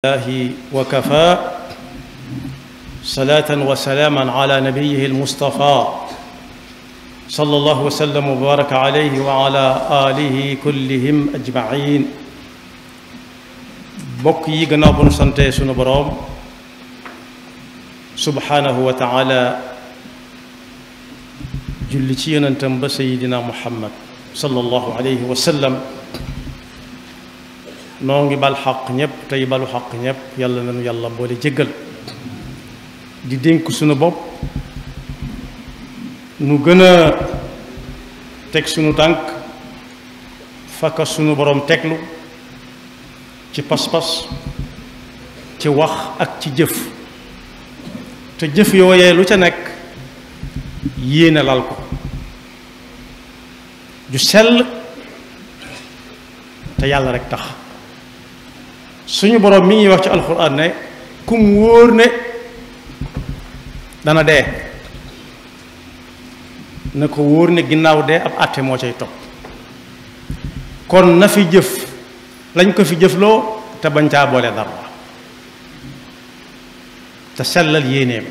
الله وكفى صلاة وسلاما على نبيه المصطفى صلى الله وسلم وبارك عليه وعلى آله كلهم أجمعين بقي جناب سنتي سنبرام سبحانه وتعالى جل سيدنا محمد صلى الله عليه وسلم noo ngi bal xaq ñëpp tey balu xaq ñëpp yàlla nañu yàlla boole jéggal di dénk sunu bopp nu gën a teg suñu tànk fakka sunu borom teglu ci pas-pas ci wax ak ci jëf te jëf yooyee lu ca nekk yéene lal ko ju sell te yàlla rekk tax suñu borom mi ngi wax ci alquran ne kum wóor ne dana dee ne ko wóor ne ginnaaw dee ab àtte moo cay topp kon na fi jëf lañ ko fi jëfloo te bañ caa boole dara te sellal yéeneem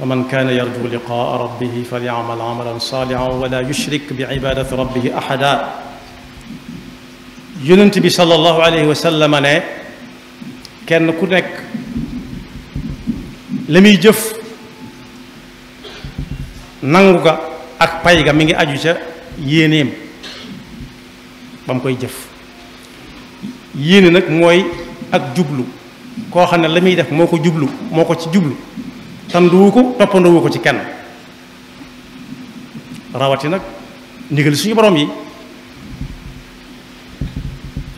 فمن كان يرجو لقاء ربه فليعمل عملا صالحا ولا يشرك بعبادة ربه أحدا yonent bi sallallahu alayhi wa sallam ne kenn ku nekk la muy jëf nangu ga ak pay ga mi ngi aju ca yéeneem ba mu koy jëf yéene nag mooy ak jublu koo xam ne la muy def moo ko jublu moo ko ci jublu tanduwu ko toppanduwu ko ci kenn rawati nag ndigal suñu borom yi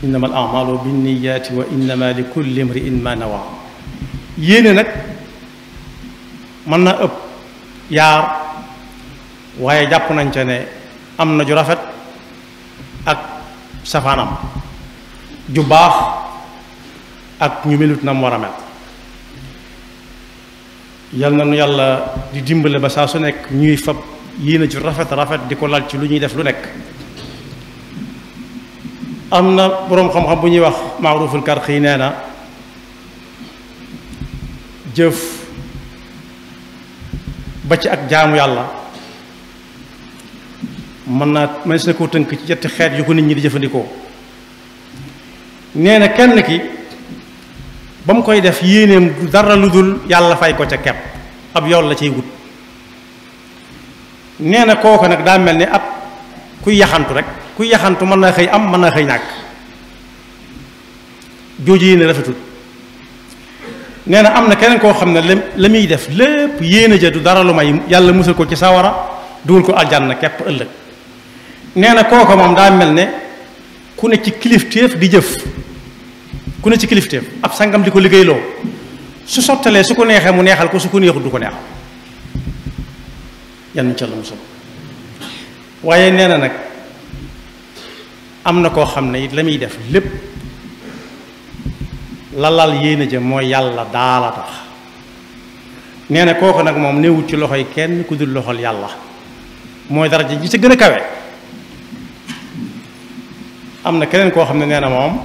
انما الاعمال بالنيات وانما لكل امرئ ما نوى يين نك من اوب يار وايي جاب نانتا ني امنا جو رافت اك سفانام جو باخ اك ني ميلوت نام ورا مات يال نانو يالا دي ديمبل با سا سو نيك ني فاب يينا جو رافت am na borom xam-xam bu ñuy wax maaruful karxi nee na jëf ba ci ak jaamu yàlla mën naa mën na ko tënk ci ñetti xeet yu ko nit ñi di jëfandikoo nee na kenn ki ba mu koy def yéeneem dara lu dul yàlla fay ko ca kepp ab yoon la cay wut nee na kooku nag daa mel ni ab kuy yaxantu rek ku yaxantu man na xëy am man na xëy nak jooju ne rafetul nee na am na keneen koo xam ne def lépp yéene ja du dara lumay yàlla musal ko ci sawara dul ko aljanna kep euleuk neena koko mom da melne ku ne ci kliftef di jëf ku ne ci kliftef ab sangam diko ko liggéeyloo su sotale su ko nexe mu nexal ko su ko nexu du ko nex yalla ci allah musal waye neena nak amna ko xamne xam ne it la muy def lépp lalal yéene ja mooy yàlla dala tax neena koko nak mom moom newut ci loxoy kenn ku dul loxol yàlla moy daraja ji ci gëna kawe amna keneen ko xamne neena mom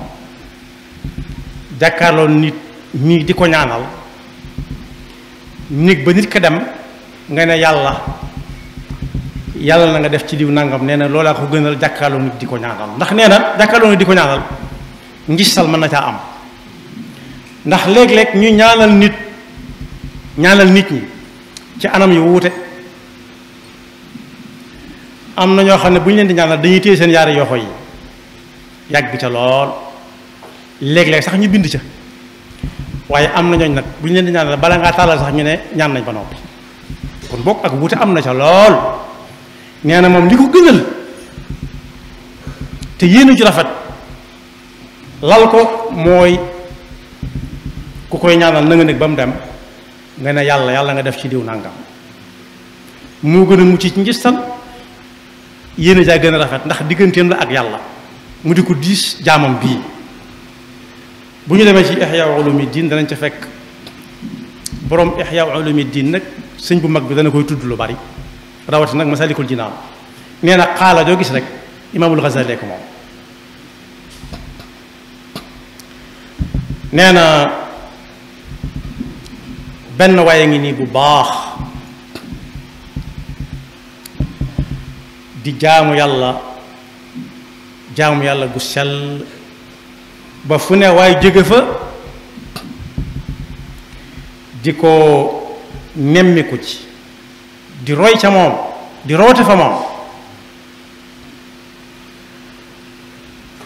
na nit ñi diko ñaanal nit ba nit ka dem nga ne yàlla yalla na nga def ci diw nangam neena lola ko gënal jakkalu nit di ñaanal ndax neena jakkalu nit di ñaanal ngistal man na ca am ndax leg leg ñu ñaanal nit ñaanal nit ñi ci anam yu wuté am na ño xamne buñu leen di ñaanal dañuy téy seen yaara yo xoy yagg ci lool leg leg sax ñu bind ci waye am na ñooñ nak buñu leen di ñaanal bala nga talal sax ñu ne ñaan nañ ba nopi kon bok ak wuté am na ca lool nee na moom li ko gënal te yéenu ju rafet lal ko mooy ku koy ñaanal na nga nekk ba mu dem nga ne yàlla yàlla nga def ci diw nàngam moo gën a mucc ci njistal yéene jaa gën a rafet ndax digganteem la ak yàlla mu di ko diis jaamam bii bu ñu demee ci aw Ihya Ulumuddin danañ ca fekk borom Ihya Ulumuddin nag sëñ bu mag bi dana koy tudd lu bari rawati nag masalikul jinaan nee na xaala joo gis rek imaamul Xasali ko moom nee na benn waaye ngi nii bu baax di jaamu yàlla jaamu yàlla gu sell ba fu ne waaye jóge fa di ko nemmiku ci di roy ca moom di roote fa moom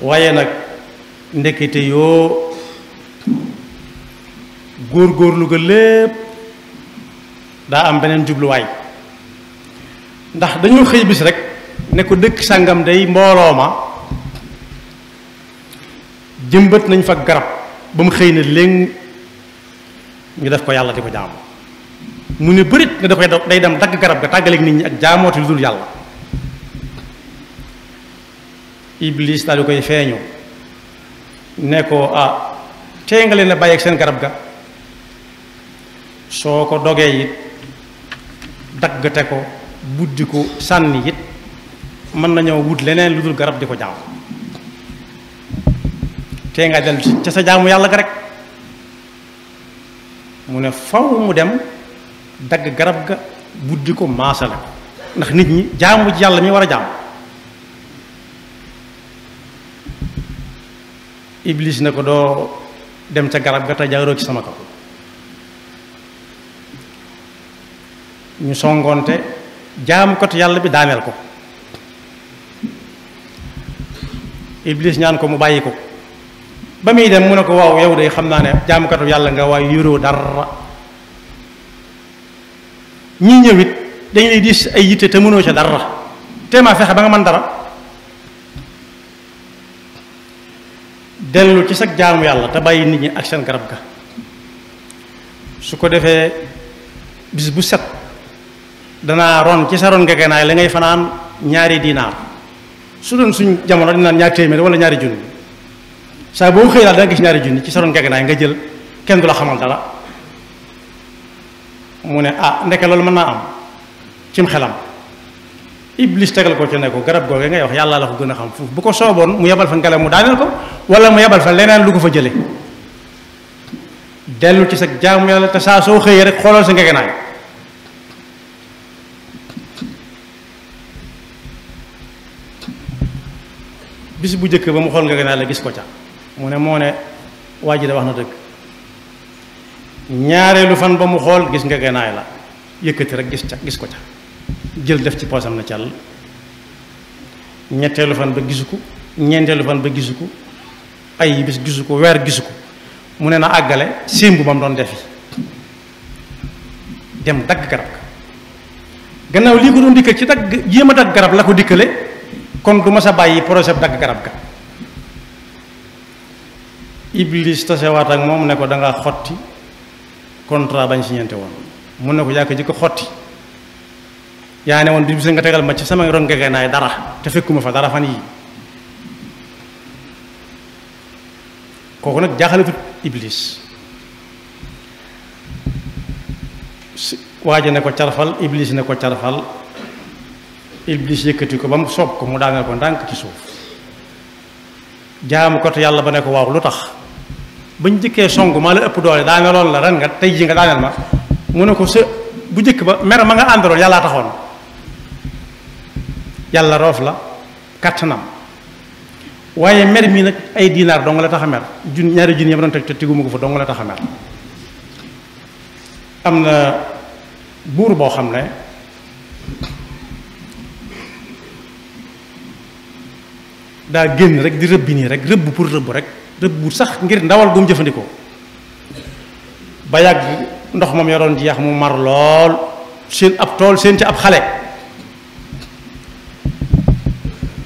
waaye nag ndekete yoo góorgóorlu ga lépp daa am beneen jubluwaay ndax dañu xëy bis rek ne ko dëkk sàngam day mbooloo ma jëmbët nañ fa garab ba mu xëy na léegi ñu def ko yàlla di ko jaamu mu ne bërit ne da koy day dem dagg garab ga tàggaleeg nit ñi ak jaamooti lu dul yàlla iblis daal di koy feeñu ne ko ah tey nga leen a bàyyeeg seen garab ga soo ko dogee it daggate ko buddi ko sànni it mën nañoo wut leneen lu dul garab di ko jaam tee nga dellu ca sa jaamu yàlla ga rek mu ne faw mu dem dag garab ga buddi ko masala ndax nit ñi jaamu ci yalla mi wara jaam iblis na ko doo dem ca garab ga ta jaaro ci sama kaw ñu jaam ko ta yalla bi daamel ko iblis ñaan ko mu bayiko ko ba dem mu ne ko waaw yow day xam naa ne jaamukatu yalla nga way yuro dara ñi ñëwit dañ lay dis ay yitte te mënoo ca dara te ma fexe ba nga man dara dellu ci sag jaamu yàlla te bàyyi nit ñi ak seen garab ga su ko defee bis bu set dana ron ci sa ron gegenaay la ngay fanaan ñaari dinaar su doon suñ jamono dina ñaari téeméer wala ñaari junni saa boo xëy daal da nga gis ñaari junni ci sa ron gegenaay nga jël kenn du la xamal dara mu ne ah ndeke loolu mën naa am cim xelam iblis tegal ko ci ne ko garab googe ngay wax yàlla la ko gën a xam foofu bu ko sooboon mu yebal fa ngelaw mu daaneel ko wala mu yebal fa leneen lu ko fa jële dellu ci sa jaamu yàlla te saa soo xëyee rek xoolal sa ngegenaay bis bu njëkk ba mu xool ngegenaay la gis ko ca mu ne moo ne waa ji de wax na dëgg ñaareelu fan ba mu xool gis nga gànnaay la yëkkati rek gis ca gis ko ca jël def ci poosam na càll ñetteelu fan ba gisu ko ñeenteelu fan ba gisu ko ay bis gisu ko weer gisu ko mu ne na àggale sémbu ba mu doon defi dem dagg garab gannaaw lii ko doon dikkal ci dagg jéem a dagg garab la ko dikkale kon du ma sa bàyyi projet dagg garab ga iblis tasewaat ak moom ne ko da nga xotti Kontra bañ signante won mu ne ko yak ji xoti xotti yaa ne woon nga tégal ma ci sama ron gegenaay dara te fekkuma fa dara fan yi kooku iblis waaje ne ko carfal iblis ne ko carfal iblis yekati ko bam mu ko mu daaneel ko dank ci suuf jaamu ko to yalla ba ne ko waaw lutax bañ jëkkee song maa la ëpp doole daane loolu la ren nga tey ji nga daaneel ma mu ne ko sa bu jëkk ba mer ma nga àndaloon yàllaa taxoon yàlla roof la kattanam waaye mer mi nag ay diinaar dong la tax a mer jun ñaari jun yam doon teg te tiguma ko fa dong la taxa a mer am na buur boo xam ne daa génn rek di rëbbi nii rek rëbb pour rëbb rek rëbb bu sax ngir ndawal gum jëfëndiko ba yag ndox moom yoroon jeex mu mar lol seen ab tol seen ci ab xalé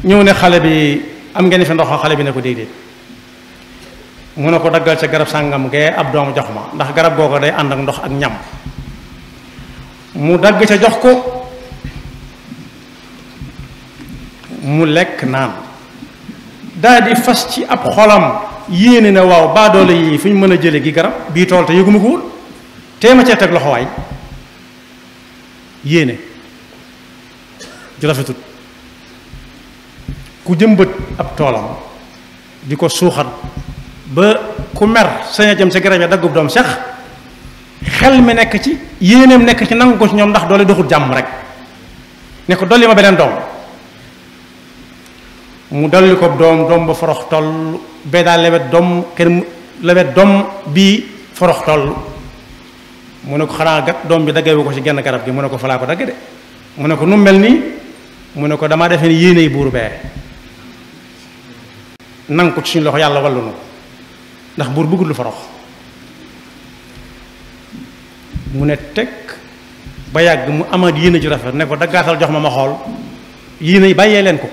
ñew ne xalé bi am ngeen fi ndox xalé bi ne ko déedéet mu ne ko daggal ci garab sangam ge ab doom jox ma ndax garab goko day and ak ndox ak ñam mu dagg ca jox ko mu lek naan daldi fas ci ab xolam yéene na waaw baadoole yii fi ñu mën a jële gi garab bii tool te yëguma ko woon teema cee teg loxowaay yéene ju ku jëmbët ab toolam di ko suuxat ba ku mer saña jëm sa garab ya daggub doom sax xel mi nekk ci yéeneem nekk ci nangu ko ci ñoom ndax doole doxul jàmm rek ne ko dolli ma beneen doom mu dolli ko dom doom ba forox toll be da lewet dom ken lewet dom bi forox toll mu xana gat dom bi dagay ko ci genn garab gi mu fala ko falaa de mu nu melni nii dama def ni yene bour be nang ko ci loxo yàlla wallu nu ndax bour bëggul lu forox muné tek ba yag mu amad yene ci rafet ne ko dagatal jox ma ma xol yene bayé len ko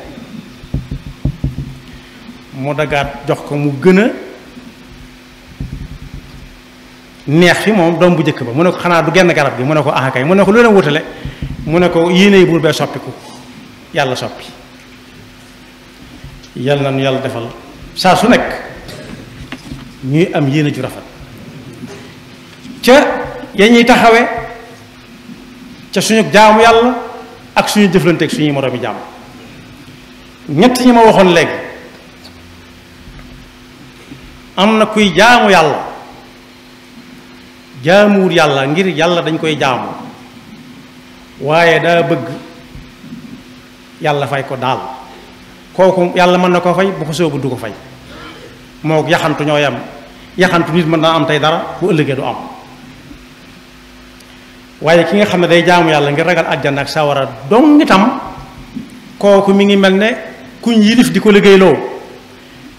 mu dagaat jox ko mu gën a neex fi moom doom bu njëkk ba mu ne ko xanaa du genn garab gi mu ne ko ah kay mu ne ko lu leen wutale mu ne ko yéene buur bee soppiku yàlla soppi yàlla na nu yàlla defal saa su nekk ñuy am yéene ju rafet ca ya ñuy taxawe ca suñu jaamu yàlla ak suñu jëflante ak suñuy moroomi jaam ñett ñi ma waxoon léegi am na kuy jaamu yàlla jaamuwul yàlla ngir yàlla dañ koy jaamu waaye daa bëgg yàlla fay ko daal kooku yàlla mën na ko fay bu ko soobu du ko fay moo yaxantu ñoo yem yaxantu nit mën naa am tey dara bu ëllëgee du am waaye ki nga xam ne day jaamu yàlla ngir ragal àjjana ak sawara dong itam kooku mi ngi mel ne kuñ yilif di ko liggéeyloo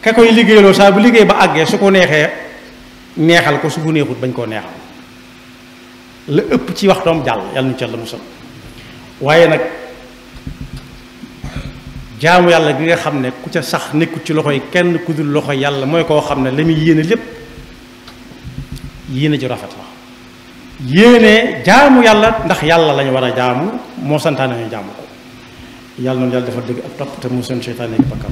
ka koy liggéeyloo saa bu liggéey ba àggee su ko neexee neexal ko su ko neexut bañ koo neexal la ëpp ci waxtoom jàll yàlla nu ca la musal waaye nag jaamu yàlla gi nga xam ne ku ca sax nekkut ci loxo yi kenn ku dul loxo yàlla mooy koo xam ne la muy yéene lépp yéene ji rafet la yéene jaamu yàlla ndax yàlla lañu war a jaamu moo santaane ñu jaamu ko yàlla noonu yàlla dafa dëgg ak topp te mu seen seytaane ak bakkan